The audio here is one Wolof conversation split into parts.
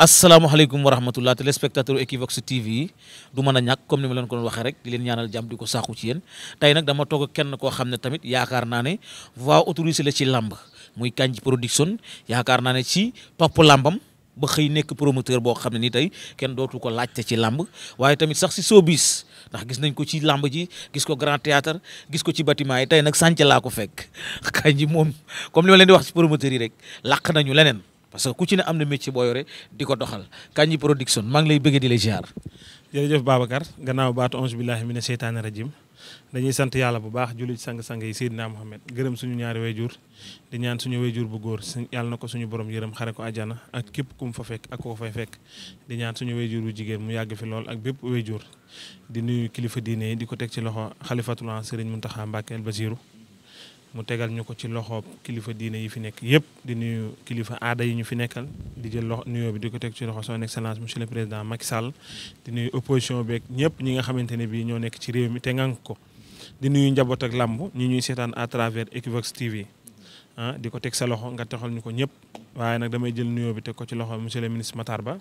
asalaamaaleykum wa rahmatullah téléspectateur Equivox TV yi du mën a ñàkk comme ni ma leen waxee rek di leen ñaanal jàmm di ko saaxu ci yéen tey nag dama toog kenn koo xam ne tamit yaakaar naa ne voix la ci làmb muy Kandji Production yaakaar naa ne ci topp làmbam ba xëy nekk promoteur boo xam ne ni tey kenn dootu ko laajte ci làmb waaye tamit sax si showbiz ndax gis nañ ko ci làmb ji gis ko grand théâtre gis ko ci bâtiment yi tey nag sànc laa ko fekk Kandji moom comme li leen di wax ci promoteur yi rek làq nañu leneen parce que ku ci ne am na métier boo rek di ko doxal Kandji production maa ngi lay bëggee di lay ziar. jërëjëf Babacar gannaaw baatu onze billahi mina seytaani rajim dañuy sant yàlla bu baax jullit sang-sang yi Seydina Mohamed gërëm suñu ñaari wayjur di ñaan suñu wayjur bu góor yàlla na ko suñu boroom yërëm xare ko àjjana ak képp ku mu fa fekk ak ko fay fekk di ñaan suñu wayjur bu jigéen mu yàgg fi lool ak bépp wayjur di nuyu kilifa diine yi di ko teg ci loxo xalifatullah Serigne Mountakha Mbacké El Basirou mu tegal ñu ko ci loxoob kilifa diine yi fi nekk yëpp di nuyu kilifa aada yi ñu fi nekkal di jël loxo nuyoo bi di ko teg ci loxo son excellence monsieur le président Macky Sall di nuyu opposition beeg ñëpp ñi nga xamante ne bii ñoo nekk ci réew mi te ngank ko di nuyu njaboot ak làmb ñi ñuy seetaan à travers Equivox TV ah di ko teg sa loxo nga taxal ñu ko ñëpp waaye nag damay jël nuyoo bi teg ko ci loxo monsieur le ministre Matar Ba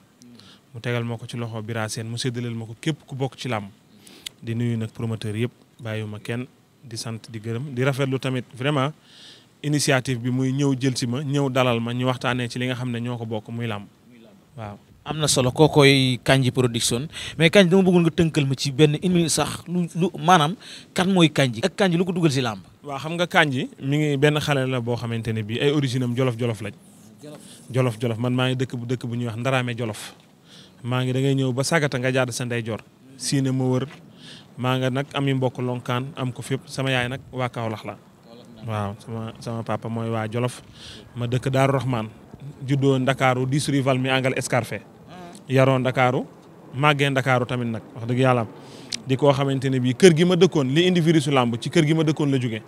mu tegal ma ko ci loxo Bira Sène mu séddaleel ma ko képp ku bokk ci làmb di nuyu nag promoteur yëpp bàyyiwuma kenn. di sant di gërëm di rafetlu tamit vraiment initiative bi muy ñëw jël si ma ñëw dalal ma ñu waxtaanee ci li nga xam ne ñoo ko bokk muy làmb waaw. am na solo kookooy Kandji Production mais Kandji dama bëggoon nga tënkal ma ci benn une sax lu lu maanaam kan mooy Kandji ak Kandji lu ko dugal si làmb. waaw xam nga Kandji mi ngi benn xale boo xamante ne bii ay origine am jolof jolof lañ. jolof jolof man maa ngi dëkk bu dëkk bu ñuy wax Ndaraame jolof maa ngi dangay ñëw ba sagata nga jaad sa ndeyjoor. Sine ma wër maa nga nag ami mbokk lonkaan am ko fépp sama yaay nag waa Kaolack la waaw sama sama papa mooy waa Jolof ma dëkk Daaru Rahman juddoo Ndakaaru dix rival mi angal escarfé yaroo Ndakaaru màggee Ndakaaru tamit nag wax dëgg yàlla di koo xamante ne bii kër gi ma dëkkoon li indi virusu ci kër gi ma dëkkoon la jóge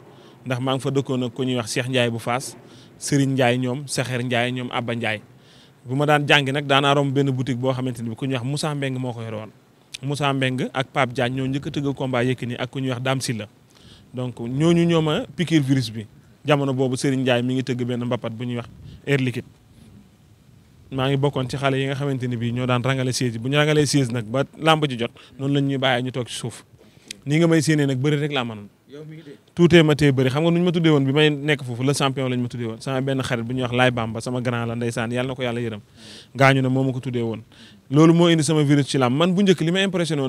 ndax maa ngi fa dëkkoon ak ku ñuy wax Cheikh Ndiaye bu Faas Serigne Ndiaye ñoom Saxeer Ndiaye ñoom Abba Ndiaye bu ma daan jàngi nag daanaa romb benn boutique boo xamante ne bi ku ñuy wax Moussa Mbeng moo ko yore Moussa Mbeng ak Pape Diagne ñoo njëkk a tëgg combat Yékini ak ku ñuy wax Dame Sylla donc ñooñu ñoo ma piqûre virus bi jamono boobu Serigne Ndiaye mi ngi tëgg benn mbapat bu ñuy wax air liquide maa ngi bokkoon ci xale yi nga xamante ni bii ñoo daan rangale siège bu ñu rangalee siège nag ba làmb ji jot noonu lañ ñuy bàyyee ñu toog ci suuf nii nga may séenee nag bëri rek laa mënoon tuutee ma tee bëri xam nga nu ñu ma tuddee woon bi may nekk foofu le champion lañ ma tuddee woon sama benn xarit bu ñuy wax Laay Bamba sama grand la ndeysaan yàlla na ko yàlla yërëm gaañu na moo ma ko tuddee woon loolu moo indi sama virus ci làmb man bu njëkk li ma impressionné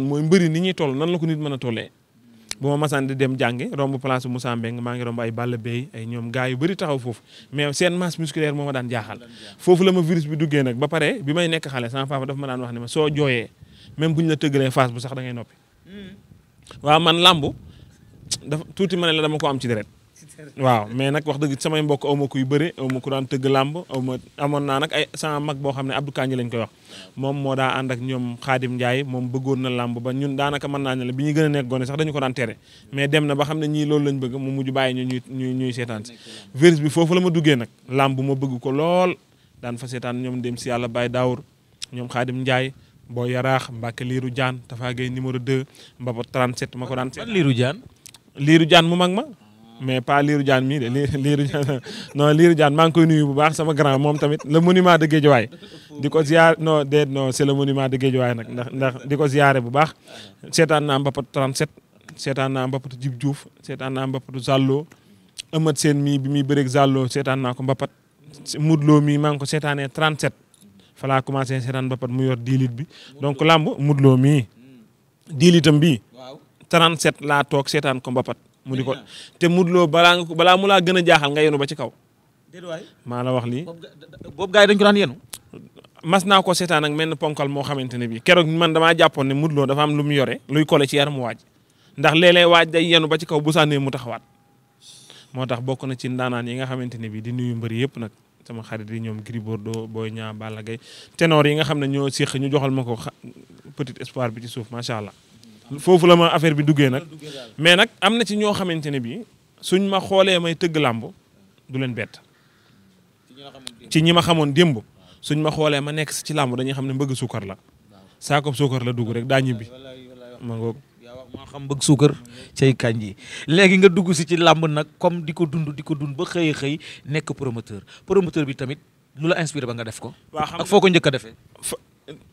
a musculaire moo ma daan jaaxal foofu la ma virus bi duggee nag ba bi may nekk xale sama papa dafa ma daan wax ne ma soo jooyee même bu ñu la tëggalee face bu sax da ngay hmm. waaw man làmb dafa tuuti ma ne la dama ko am ci deret waaw mais nag wax dëgg samay mbokk aw ma kuy bëre aw ma ku daan tëgg làmb aw ma amoon naa nag ay sama mag boo xam ne Abdou Kanji lañ koy wax moom moo daa ànd ak ñoom Xaadim Ndiaye moom bëggoon na làmb ba ñun daanaka mën naa ne la bi ñu gën a nekk gone sax dañu ko daan tere mais dem na ba xam ne ñii loolu lañ bëgg mu mujj bàyyi ñu ñuy ñuy seetaan si virus bi foofu la ma duggee nag làmb ma bëgg ko lool daan fa seetaan ñoom dem si yàlla Baye Daawur ñoom Xaadim Ndiaye boo yaraax Mbacke liiru jaan Tafa Gueye numéro 2 Mbaba 37 ma ko daan seetaan Lirou Diane liiru jaan mu mag ma mais pas liiru jaan mii de liiru jaan non jaan maa ngi koy nuyu bu baax sama grand moom tamit la monument de Guédiawaye di ko ziar non déet non c'est le monument de Guédiawaye di ko ziare bu baax seetaan naa mbapat 37 seetaan naa mbapatu Djib Diouf seetaan naa mbapatu Zallo Amath Sène mii bi muy bëreeg Zallo seetaan naa ko mbapat Modou mii maa ngi ko seetaanee 37 fa laa commencé seetaan mbapat mu yor 10 bi donc lamb Modou Lo mii 10 litres 37 laa toog seetaan ko mbapat mu di ko te Modou balaa nga balaa mu laa gën a jaaxal nga yenu ba ci kaw. maa la wax lii. boobu gaa yi dañu ko daan yenu. mas naa ko seetaan ak menn ponkal moo xamante ne bii keroog man damaa jàppoon ne muduloo dafa am lu mu yore luy kole ci yaramu waaj ndax léeg-léeg waaj day yenu ba ci kaw bu sànnee mu taxawaat. moo tax bokk na ci ndaanaan yi nga xamante ne bii di nuyu mbëri yëpp nag sama xarit yi ñoom Gris Bordeaux Boy Niang Balla Gaye ténor yi nga xam ne ñoo séq ñu joxal ma ko Petit Espoir bi ci suuf macha foofu la ma affaire bi duggee nag mais nag am na ci ñoo xamante ne bii suñ ma xoolee may tëgg làmb du leen bett ci ñi ma xamoon démb suñ ma xoolee ma nekk ci làmb dañuy xam ne mbëgg suukar la saako suukar la dugg rek daa ñibbi ma ngoog maa xam bëgg suukar cay léegi nga dugg si ci làmb nag comme di ko dund di ko dund ba xëy xëy nekk promoteur promoteur bi tamit lu la inspiré ba nga def ko. ak foo ko njëkk a defee.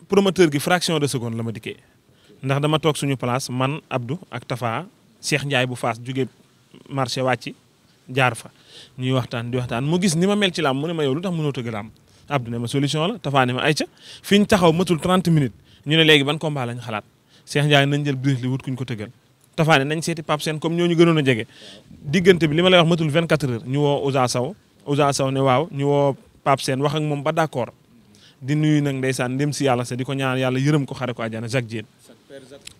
promoteur gi fraction de seconde la ma dikkee. ndax dama toog suñu place man Abdou ak Tafa Cheikh Ndiaye bu Faas jóge marché wàcc jaar fa ñuy waxtaan di waxtaan mu gis ni ma mel ci làmb mu ne ma yow lu tax mënoo tëgg làmb Abdou ne ma solution la Tafa ne ma ayca fi ñu taxaw matul 30 minutes ñu ne léegi ban combat lañ xalaat Cheikh Ndiaye nañ jël Bruce Lee wut kuñ ko tëggal Tafa ne nañ seeti Pape Sène comme ñooñu gënoon a jege diggante bi li ma lay wax matul 24 heures ñu woo Ousa Sow Ousa Sow ne waaw woo Pape Sène wax ak moom ba d'accord di nuyu nag ndeysaan ndem si yàlla sa ko ñaan yàlla yërëm ko xare ko àjjana Jacques Diène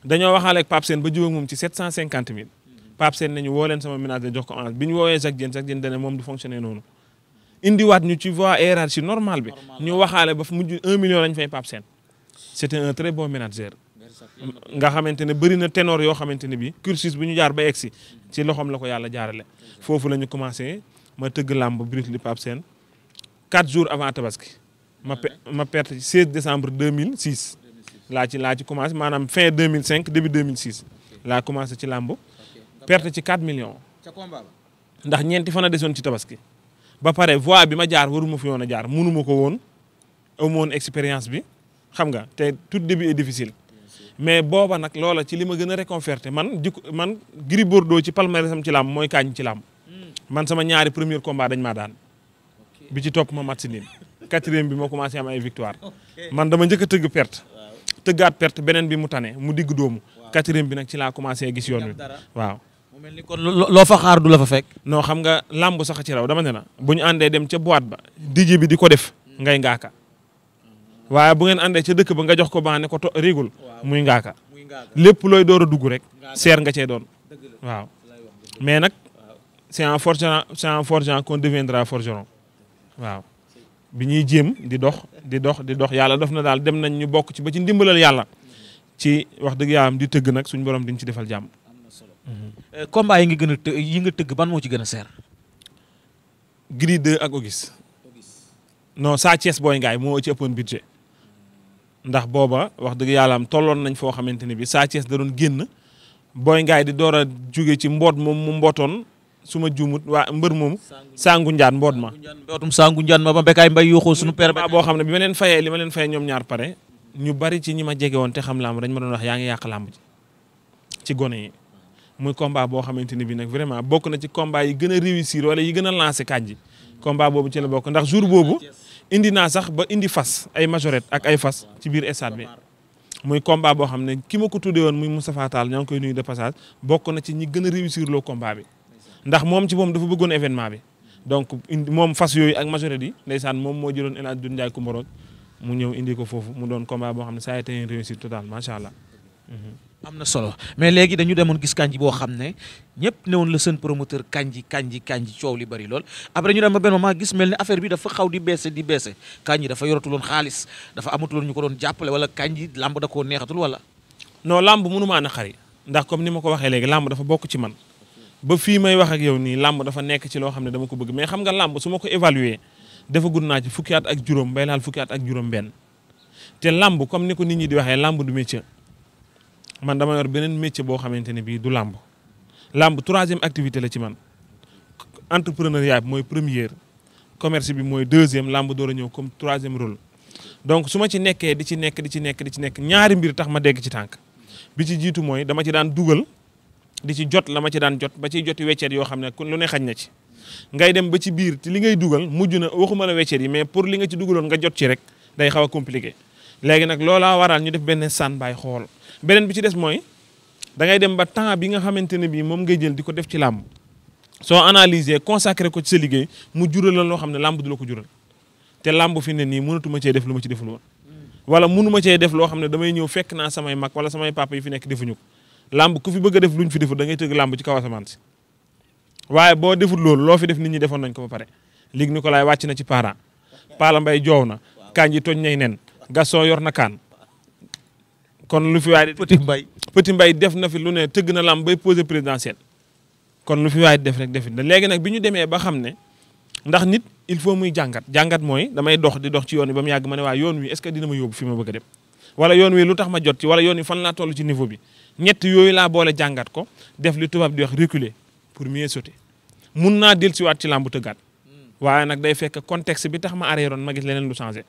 dañoo waxaale ak Pape Sène ba jiwag moom ci 750 000 Pape Sène nañu woo leen sama ménage jox ko bi ñu woowee Jacques Diène Jacques Diène dane moom du fonctionner noonu indiwaat ñu ci voie hiérarchie normal bi ñu waxaale ba mujj 1 million lañ fay Pape Sène c'était un très bon ménageur nga xamante ne bëri na ténor yoo xamante ne bi cursus bi ñu jaar ba egsi ci loxoom la ko yàlla jaarale foofu la ñu commencé ma tëgg làmb brut li Pape Sène 4 jours avant tabaski ma ma perte 16 décembre 2006 laa ci laa ci commencé maanaam fin 2005 début 2006 laa commencé ci làmb perte ci 4 millions. ca ndax ñeenti fana desoon ci tabaski. ba pare voie bi ma jaar waruma fi woon a jaar munu ko woon amu woon expérience bi xam nga te tout début est difficile. mais booba nag loola ci li ma gën a réconforté man jikko man Gris Bordeaux ci palmarèsam ci làmb mooy kaañ ci làmb. Hmm. man sama ñaari premier combat dañ maa daan. bi ci topp ma mat si niin quatrième bi ma commencé am ay victoire. man dama njëkk a perte. tëggaat perte beneen bi mu tanee mu digg doomu. quatrième bi nag ci la commencé gis yoon wi waaw. mu mel ni kon loo fa xaar du la fa fekk. noo xam nga làmb sax ci raw dama ne la bu ñu àndee dem ca boîte ba DJ bi di ko def mm. ngay ngaaka waaye bu ngeen àndee ca dëkk ba nga jox ko baa ko to rigul muy ngaaka lépp looy door a dugg rek seer nga cee doon waaw mais nag c'est en forgeant c'est en forgeant qu'on deviendra forgeron waaw. bi ñuy jéem di dox di dox di dox yàlla def na daal dem nañ ñu bokk ci ba ci ndimbalal yàlla ci wax dëgg yàlla di tëgg nag suñu borom diñ ci defal jàmm. Euh, combat yi nga gën a të yi nga tëgg ban moo ci gën seer. Gris 2 ak Auguste. no saa Thiès booy ngaay moo ci ëppoon budget ndax booba wax dëgg yàlla am tolloon nañ foo xamante ne bi saa Thiès da doon génn booy ngaay di door a jóge ci mboot moom mu mbootoon. su ma juumut waa mbër moomu sangu njaan mboot ma mbootum sangu njaan ma ba mbékaay mbay yuuxoo suñu père boo xam ne bi ma leen fayee li ma leen fayee ñoom ñaar pare ñu bari ci ñi ma jege woon te xam làmb dañ ma doon wax yaa ngi yàq làmb ji ci gone yi muy combat boo xamante ni bi nag vraiment bokk na ci combat yi gën a réussir wala yi gën a lancé kàjji combat boobu ci la bokk ndax jour boobu indi naa sax ba indi fas ay majorette ak ay fas ci biir stade bi muy combat boo xam ne ki ma ko tuddee woon muy mu Tall ñoo ngi koy nuyu de passage bokk na ci ñi gën a réussir loo combat bi ndax moom ci moom dafa bëggoon événement bi donc moom fas yooyu ak majorité yi ndeysaan moom moo jëloon El a Doudou Ndiaye Koumborog mu ñëw indi ko foofu mu doon combat boo xam ne ça a été une réussite totale mhm. am na solo mais léegi dañu demoon gis kanji boo xam ne ñëpp newoon la seen promoteur kanji kanji kanji coow li bari lool après ñu dem ba benn moment gis mel ne affaire bi dafa xaw di beese di beese kanji dafa yoratuloon xaalis dafa amatuloon ñu ko doon jàppale wala kanji làmb da koo neexatul wala. noo làmb mënu ma na ndax comme ni ma ko waxee léegi làmb dafa bokk ci man. ba fii may wax ak yow nii làmb dafa nekk ci loo xam ne dama ko bëgg mais xam nga làmb su ma ko évaluer defagul naa ci fukki at ak juróom bay laal fukki at ak juróom benn te làmb comme ni ko nit ñi di waxee làmb du métier man dama yor beneen métier boo xamante ne bii du làmb làmb troisième activité la ci man entrepreneuriat bi mooy première commerce bi mooy deuxième làmb door a ñëw comme troisième rôle donc su ma ci nekkee di ci nekk di ci nekk di ci nekk ñaari mbir tax ma dégg ci tànk bi ci jiitu mooy dama ci daan dugal di ci jot la ma ci daan jot ba ciy joti wecceet yoo xam ne lu ne xaj na ci ngay dem ba ci biir te li ngay dugal mujj na waxuma la wecceet yi mais pour li nga ci dugaloon nga jot ci rek day xaw a compliqué léegi nag loolaa waral ñu def benn saan baay xool beneen bi ci des mooy da ngay dem ba temps bi nga xamante ne bii moom ngay jël di ko def ci làmb soo analyser consacré ko ci sa liggéey mu jural la loo xam ne làmb du la ko jural te làmb fi ne nii mënatuma cee def lu ma ci deful wala mënuma cee def loo xam ne damay ñëw fekk naa samay mag wala samay papa yi fi nekk defuñu ko làmb ku fi bëgg a def luñ fi deful da ngay tëgg làmb kaw asamaan si boo deful loolu loo fi def nit ñi defoon nañ ko ba pare léegi ni ko laay wàcc na ci parent Pala Mbaye joow na kaañ ji toñ ñay nen Gaston yor na kon lu fi waay Petit Mbaye Petit Mbaye def na fi lu ne tëgg na làmb bay posé présidentiel kon lu fi def rek defi léegi nag bi ñu demee ba xam ne ndax nit il faut muy jàngat jàngat mooy damay dox di dox ci yoon wi ba mu yàgg ma ne waa yoon wi est-ce que dina ma yóbbu fi ma bëgg a dem wala yoon wi lu tax ma jot ci wala yoon wi fan laa toll ci niveau bi ñett yooyu laa boole jàngat ko def li tubaab di wax reculer pour mieux sauter mun naa dellusiwaat ci làmb tëggaat hmm. waaye nag day fekk contexte bi tax ma arrêroon ma gis leneen lu changé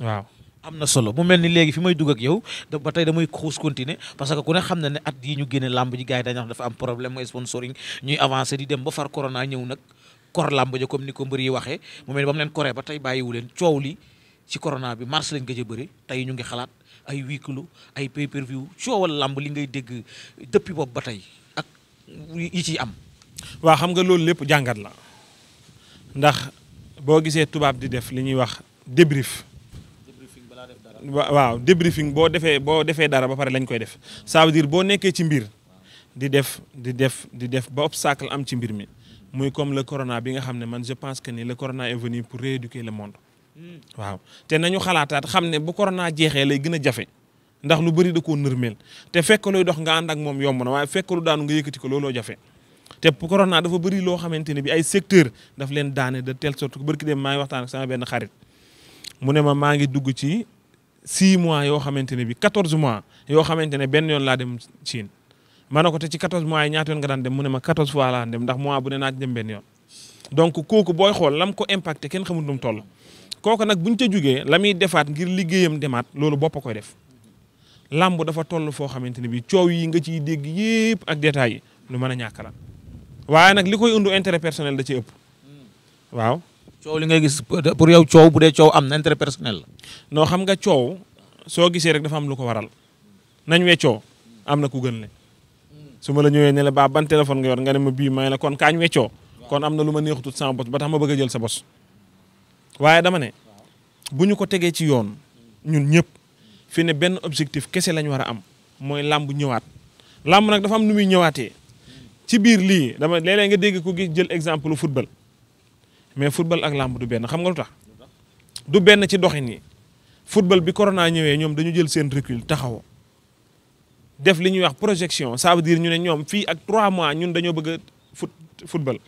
waaw. am na solo mu mel ni léegi fi may dugg ak yow ba tey damay xuus continuer parce que ku ne xam na ne at yi ñu génne làmb ji gars yi dañuy dafa am problème mooy sponsoring ñuy avancé di dem ba far corona ñëw nag kor làmb ja comme ni ko mbër yi waxee mu mel ni ba leen koree ba tey bàyyiwu leen li. ci corona bi mars lañ gëj a bari tey ñu ngi xalaat ay huis clos ay pay per view coowal làmb li ngay dégg depuis boobu ba tey ak yi ci am. waa xam nga loolu lépp jàngat la ndax boo gisee tubaab di def li ñuy wax débrief. waaw débriefing boo defee boo defee dara ba pare lañ koy def ça veut boo nekkee ci mbir di def di def di def ba obstacle am ci mbir mi muy comme le corona bi nga xam ne man je pense que ni le corona est venu pour rééduquer le monde waaw te nañu xalaataat xam ne bu corona jeexee lay gën a jafe ndax lu bëri da koo nërmeel te fekk luy dox nga ànd ak moom yomb na waaye fekk lu daanu nga yëkkati ko looloo jafe te corona dafa bëri loo xamante ne bi ay secteur daf leen daane de telle sorte que barki dem maa ngi waxtaan ak sama benn xarit mu ne ma maa ngi dugg ci 6 mois yoo xamante ne bi 14 mois yoo xamante ne benn yoon laa dem Chine ma ne ko te ci 14 mois yi ñaata yoon nga daan dem mu ne ma 14 fois laa dem ndax mois bu ne naa dem benn yoon donc kooku booy xool lam ko impacté kenn xamul nu mu toll kooku nag bu buñ ca jógee la defaat ngir liggéeyam demaat loolu bopp koy def làmb dafa toll foo xamante ne bii coow yi nga ci dégg yëpp ak détails yi lu mën a ñàkk la waaye nag li koy undu intérêt personnel da ci ëpp waaw. coow li ngay gis pour yow coow bu dee coow am na intérêt personnel la. non xam nga coow soo gisee rek dafa am lu ko waral nañ wee coow am na ku gën le su ma la ñëwee ne la ba ban téléphone nga yor nga ne ma bii may la kon kaañ weccoo kon am na lu ma neexutut sama bos ba tax ma bëgg a jël sa bos waaye dama ne bu ñu ko tegee ci yoon ñun ñëpp fi ne benn objectif kese lañ war a am mooy làmb ñëwaat làmb nag dafa am nu muy ñëwaatee ci biir lii dama léeg nga dégg ko gi jël exemple football mais football ak làmb du benn xam nga lu tax du benn ci doxin yi football bi corona ñëwee ñoom dañu jël seen recul taxaw def li ñuy wax projection ça veut dire ñu ne ñoom fii ak trois mois ñun dañoo bëgg a foot football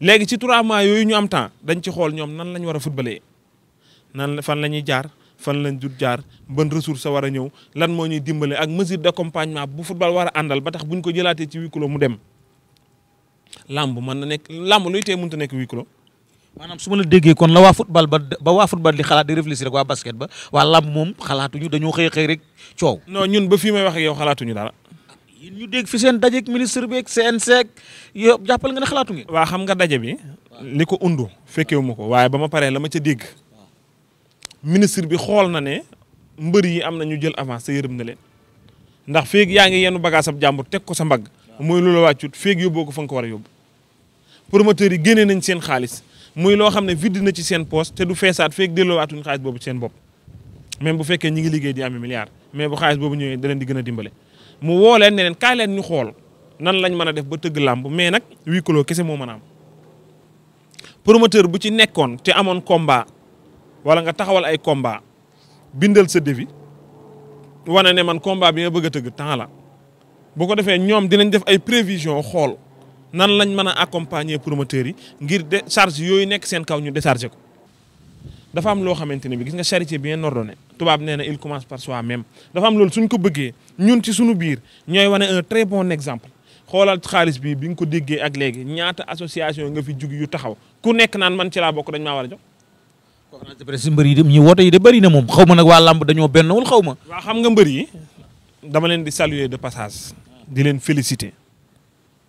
léegi ci trois yooyu ñu am temps dañ ci xool ñoom nan la ñu war a footballé nan fan la ñuy jaar fan lañ dut jaar ban ressource war a ñëw lan moo ñuy dimbale ak mesure d'accompagnement bu football war àndal ba tax bu ko jëlaatee ci huis clos mu dem làmb mën na nekk làmb luy tee mënta nekk huis clos. maanaam su ma la déggee kon la waa football ba ba waa football di xalaat di réfléchir rek waa basket ba waa làmb moom xalaatuñu dañoo xëy xëy rek coow. non ñun ba fii may waxee yow xalaatuñu dara. yéen ñu dégg fi seen daje ministre beeg CNC yow jàppal nga ne xalaatu ngeen. waa xam nga daje bi. li ko undu fekkewu ma ko waaye ba ma paree la ma ca dégg. ministre bi xool na ne mbër yi am na ñu jël avance te yërëm na leen ndax feeg yaa ngi yenn bagage ab jàmbur te ko sa mbag mooy lu la wàccut feeg yóbboo ko fa nga ko war a yóbbu. promoteurs yi génnee nañ seen xaalis muy loo xam ne vidde na ci seen poste te du feesaat feeg delloowaatuñ xaalis boobu seen bopp même bu fekkee ñi ngi liggéey di am milliard xaalis boobu ñëwee da leen a dimbale. mu woo leen ne leen kaay leen ñu xool nan lañ mën a def ba tëgg làmb mais nag huis clos kese moo mën a am promoteur bu ci nekkoon te amoon combat wala nga taxawal ay combat bindal sa devis wane ne man combat bi nga bëgg a tëgg temps la bu ko defee ñoom dinañ def ay prévision xool nan lañ mën a accompagner promoteurs yi ngir décharge yooyu nekk seen kaw ñu décharger ko. dafa am loo xamante ne bi gis nga charité bien ordonnée tubaab nee na il commence par soi-même dafa am loolu suñ ko bëggee ñun ci suñu biir ñooy wane un très bon exemple xoolal xaalis bi bi nga ko déggee ak léegi ñaata association nga fi jug yu taxaw ku nekk naan man ci laa bokk dañ maa war a jox. conférence de presse mbër yi de ñu woote yi de bëri na moom xaw ma nag waa làmb dañoo bennul xaw ma. waaw xam nga mbër yi dama leen di saluer de passage. di leen féliciter.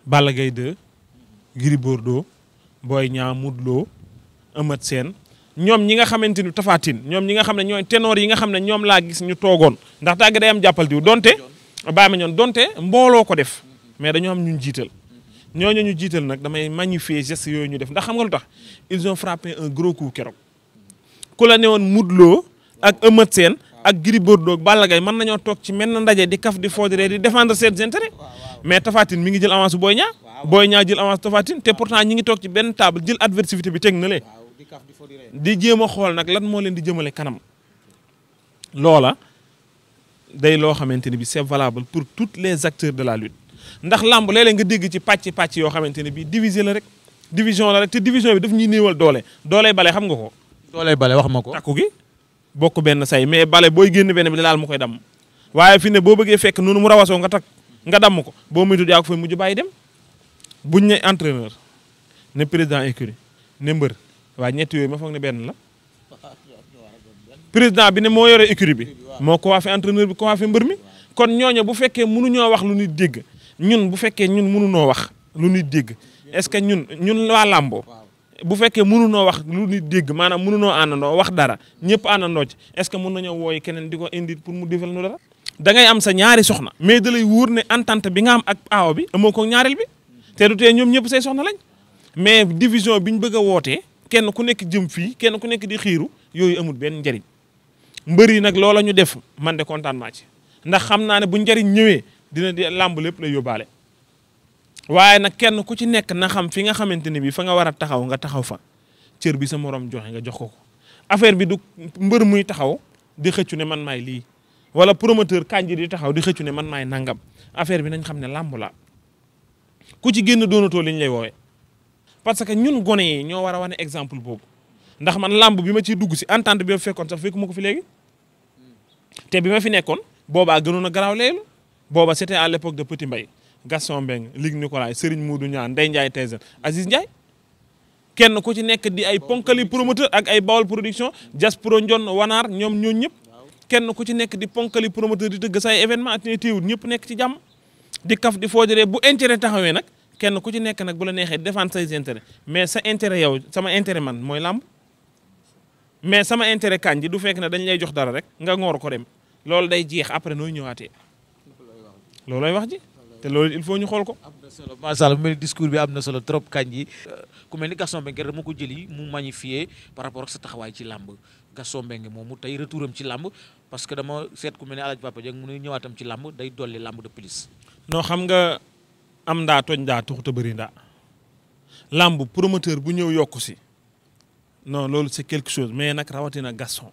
Balla Gaye 2. Gris Bordeaux. booy Niang Modou Lo. Eumeu Sène ñoom ñi nga xamante ni tafaatin ñoom ñi nga xam ne ñooy ténor yi nga xam ne ñoom laa gis ñu toogoon ndax tàgg day am jàppal diw donte baa ma ñoon donte mbooloo ko def mais dañoo am ñun jiital ñoo ñu jiital nag damay magnifier geste yooyu ñu def ndax xam nga lu tax ils ont frappé un gros coup keroog ku la newoon Modou Lo ak Eumeu Sène ak Gris Bordeaux ak Balla Gaye mën nañoo toog ci menn ndaje di kaf di foodree di défendre seen intérêt mais Tafatine mi ngi jël avance Boy Niang Boy Niang jël avance Tafatine te pourtant ñi ngi ci benn table jël adversité bi teg na lee di jéem a xool nag lan moo leen di jëmale kanam loola day loo xamante ni bi c'est valable pour tous les acteurs de la lutte ndax làmb léeg nga dégg ci pàcc pàcc yoo xamante ne bi diviser la rek division la rek te division bi daf ñuy néewal doole doole bale xam nga ko. doole bale wax ma ko. takku gi bokk benn say mais bale booy génn benn bi laal mu koy damm waaye fi ne boo bëggee fekk noonu mu rawasoo nga tak nga damm ko boo moytuwul yaa ko fay mujj bàyyi dem buñ ne entraîneur ne président écurie ne mbër. waaye ñetti yooyu ma foog ne benn la président bi ne moo yore écurie bi moo ko waa fi bi ko waa mbër mi kon ñooñu bu fekkee mënuñoo wax lu ñuy dégg ñun bu fekkee ñun mënuñoo wax lu ñuy dégg est-ce que ñun ñun waa làmboo bu fekkee mënunoo wax lu ñuy dégg maanaam mënunoo àndandoo wax dara ñëpp àndandoo ci est-ce que mën nañoo wooy keneen di ko indi pour mu defal nu dara dangay am sa ñaari soxna mais da lay wóor ne entente bi nga am ak aaw bi amoo ko ñaareel bi te du tee ñoom ñëpp say soxna lañ mais division bi ñu bëgg a wootee kenn ku nekk jëm fii kenn ku nekk di xiiru yooyu amul benn njariñ mbër yi nag loola ñu def man de kontaan naa ci ndax xam naa ne bu njariñ ñëwee dina di làmb lépp la yóbbaale waaye nag kenn ku ci nekk na xam fi nga xamante ni bii fa nga war a taxaw nga taxaw fa cër bi sa morom joxe nga jox ko ko affaire bi du mbër muy taxaw di xëccu ne man maay lii wala promoteur kanji di taxaw di xëccu ne man may nangam affaire bi nañ xam ne làmb la ku ci génn doonatoo liñ lay woowee parce que ñun gone yi ñoo war a wane exemple boobu ndax man làmb bi ma ciy dugg si entente bi ma fekkoon sax fekkuma ko fi léegi te bi ma fi nekkoon boobaa gënoon a garaaw léelu booba sete à l'époque de Petit Mbaye Gaston Mbengue Ligue Nicolas Serigne Modou Niane Ndeye Ndiaye a Aziz Ndiaye kenn ku ci nekk di ay ponkali promoteur ak ay Bawol production Jaspro Ndion Wanaar ñoom ñoo ñëpp kenn ku ci nekk di ponkali promoteur di tëgg say événement at ne téewul ñëpp nekk ci jàmm di kaf di foojaree bu intérêt taxawee nag kenn ku ci nekk nag bu la neexee défendre say intérêt mais sa intérêt yow sama intérêt man mooy làmb mais sama intérêt kañ ji du fekk ne dañ lay jox dara rek nga ngoor ko dem loolu day jeex après nooy ñëwaatee loolooy wax ji te loolu il faut ñu xool ko. am na solo macha allah bi am na solo trop kañ yi ku mel ni Gaston Mbengue dama ko jëli mu magnifié par rapport ak sa taxawaay ci làmb Gaston Mbengue moomu tey retouram ci làmb parce que dama seet ku mel ni El Hadj Papa Dieng mu ñëwaatam day dolli làmb de plus. non xam nga. am ndaa toj ndaa tuxut a bëri ndaa làmb promoteur bu ñëw yokku si non loolu c'est quelque chose mais nag rawatina Gaston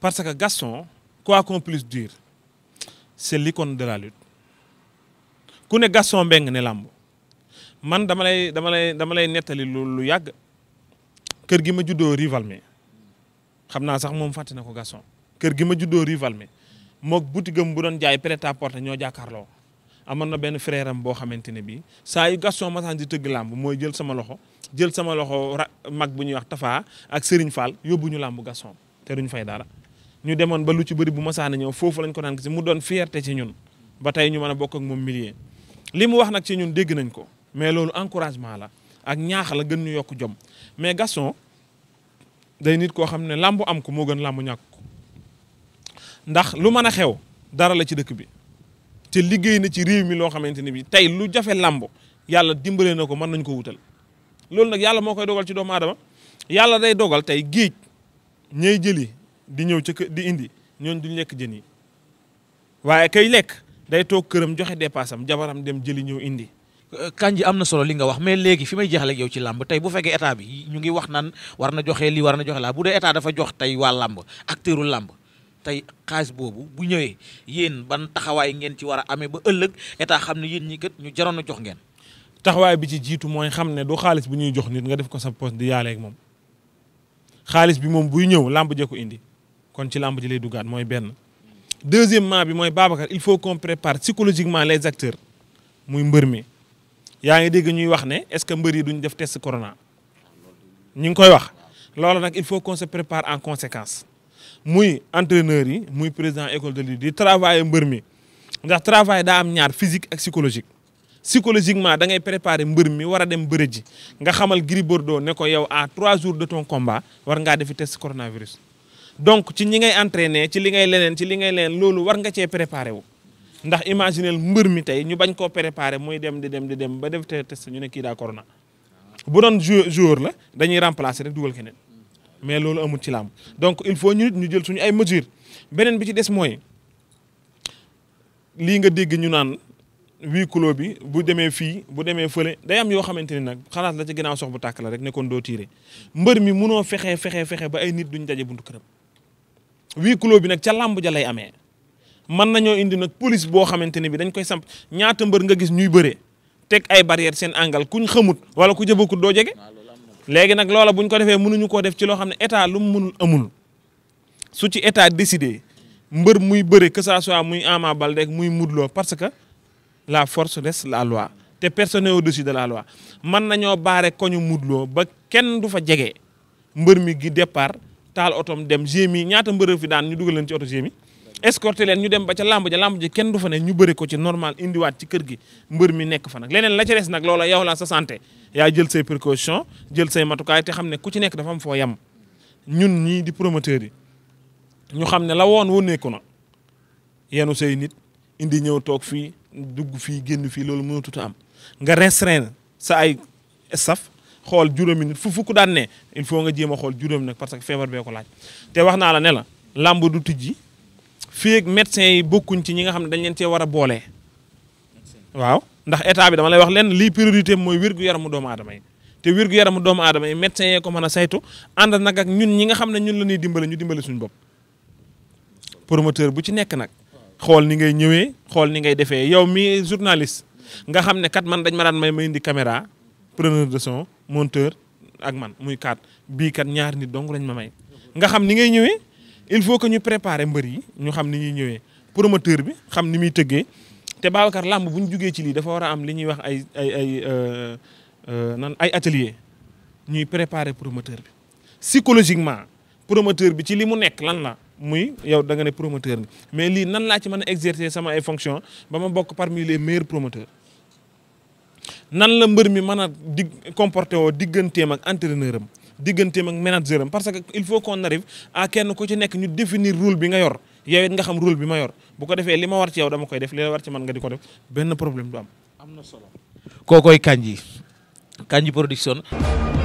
parce que Gaston quoi qu'on puisse dire c'est l'icône de la lutte ku ne Gaston Mbengue ne làmb man dama lay dama lay dama lay nettali lu lu yàgg kër gi ma juddoo rival mi xam naa sax moom fàtte na ko Gaston kër gi ma juddoo rival mi moog boutique am bu doon jaay prêt à porter ñoo jàkkaarloo. amoon na benn frère boo xamante ne bii saa yu Gaston Massane di tëgg làmb mooy jël sama loxo jël sama loxo mag bu ñuy wax Tafa ak Serigne Fall yóbbu ñu làmb Gaston te duñ fay dara ñu demoon ba lu ci bëri bu Massane ñëw foofu lañ ko daan gis mu doon fierté ci ñun ba tey ñu mën a bokk ak moom millier li mu wax nag ci ñun dégg nañ ko mais loolu encouragement la ak ñaax la gën ñu yokk jom mais Gaston day nit koo xam ne làmb am ko moo gën làmb ñàkk ko ndax lu mën a xew dara la ci dëkk bi ci liggéey na ci réew mi loo xamante ni bi tey lu jafe làmb yàlla dimbalee na ko mën nañ koo wutal loolu nag yàlla moo koy dogal ci doomu aadama yàlla day dogal tey géej ñay jëli di ñëw ca di indi ñoon duñ lekk jën yi waaye kay lekk day toog këram joxe dépassam jabaram dem jëli ñëw indi euh, Kandji am na solo li nga wax mais léegi fi may jeexale ak yow ci làmb tey bu fekkee état bi ñu ngi wax naan war na joxe lii war na joxe laa bu dee état dafa jox tey waa làmb acteuru làmb tey xaalis boobu bu ñëwee yéen ban taxawaay ngeen ci war a amee ba ëllëg état xam ne yéen ñii kat ñu jaroon a jox ngeen. taxawaay bi ci jiitu mooy xam ne du xaalis bu ñuy jox nit nga def ko sa poste di yaaleeg moom xaalis bi moom buy ñëw làmb ko indi kon ci làmb ji lay duggaat mooy benn. deuxièmement bi mooy Babacar il faut qu'on prépare psychologiquement les acteurs muy mbër mi yaa ngi dégg ñuy wax ne est-ce que mbër yi duñ def test corona ñu ngi koy wax loolu nag il faut qu'on se en conséquence. muy entraîneur yi muy président école de lutte di travailler mbër mi ndax travail daa am ñaar physique ak psychologique psychologiquement da ngay préparer mbër mi war a dem bëre ji nga xamal Gris Bordeaux ne ko yow à trois jours de ton combat war ngaa defi test coronavirus. donc ci ñi ngay entraîner ci li ngay leneen ci li ngay leneen loolu war nga cee préparer wu ndax imaginel mbër mi tey ñu bañ koo préparer muy dem di dem di dem ba def test ñu ne kii daa corona bu doon jour la dañuy remplacer rek dugal keneen. mais loolu amul ci làmb donc il faut ñu nit ñu jël suñu ay mesures beneen bi ci des mooy lii nga dégg ñu naan huis clos bi bu demee fii bu demee fële day am yoo xamante ni nag xalaat la ci ginnaaw sox bu tàkk la rek nekkoon doo tiire mbër mi munoo fexe fexe fexe ba ay nit duñ daje buntu këram huis clos bi nag ca làmb ja lay amee mën nañoo indi nag police boo xamante ni bi dañ koy samp ñaata mbër nga gis ñuy bëree teg ay barrière seen angal kuñ xamut wala ku jëbakut doo léegi nag loola buñ ko defee mënuñu koo def ci loo xam ne état lum mun amul su ci état décidé mbër muy bëre que ça soit muy Ama Baldé muy Modou Lô parce que la force reste la loi te personne au-dessus de la loi mën nañoo baare koñu Modou Lô ba kenn du fa jege mbër mi gi depart taal otom dem gémi ñaata mbër fi daan ñu dugal leen ci oto gémi escorté leen ñu dem ba ca làmb ja làmb ja kenn du fa ne ñu bëri ko ci normal indiwaat ci kër gi mbër mi nekk fa nag la ca des nag loola yow la sa santé yaa jël say précaution jël say matukaay te xam ne ku ci nekk dafa am foo yem ñun ñii di promoteur yi ñu xam ne la woon wu nekku na yenu say nit indi ñëw toog fii dugg fii génn fii loolu mënatut a am nga restreindre sa ay staff xool juróomi nit fu fukk daan ne il faut nga jéem a xool juróomi nag parce que feebar bee ko laaj te wax naa la ne la làmb du tijji fii ak yi bokkuñ ci ñi nga xam ne dañ leen cee war a boole. waaw ndax état bi dama lay wax leen li priorité mooy wérgu yaramu doomu aadama te wérgu yaramu doomu adama yi médecin yee ko mën a saytu ànd nag ak ñun ñi nga xam ne ñun la ñuy dimbale ñu dimbale suñu bopp promoteur bu ci nekk nag xool ni ngay ñëwee xool ni ngay defee yow mi journaliste nga xam ne kat man dañ ma daan may ma indi caméra preneur de son monteur ak man muy kat bii kat ñaar nit dong lañ ma may il faut que ñu préparer mbër yi ñu xam ni ñuy ñëwee promoteur bi xam ni muy tëggee te Babacar làmb bu ñu jugee ci lii dafa war a am li ñuy wax ay ay ay euh, euh, nan ay atelier ñuy prépare promoteur bi psychologiquement promoteur bi ci li mu nekk lan la muy yow da nga ne promoteur bi mais lii nan laa ci mën a exercer sama ay fonctions ba ma bokk parmi les meilleurs promoteurs nan la mbër mi mën a di comporté woo digganteem ak entraîneur am digganteem ak manager am parce que il faut qu'on arrive a kenn ku ci nekk ñu définir rôle bi nga yor yow nga xam rôle bi ma yor bu ko defee li ma war ci yow dama koy def li la war ci man nga di ko def benn problème du am. am na solo. kookoy Kandji Kandji production.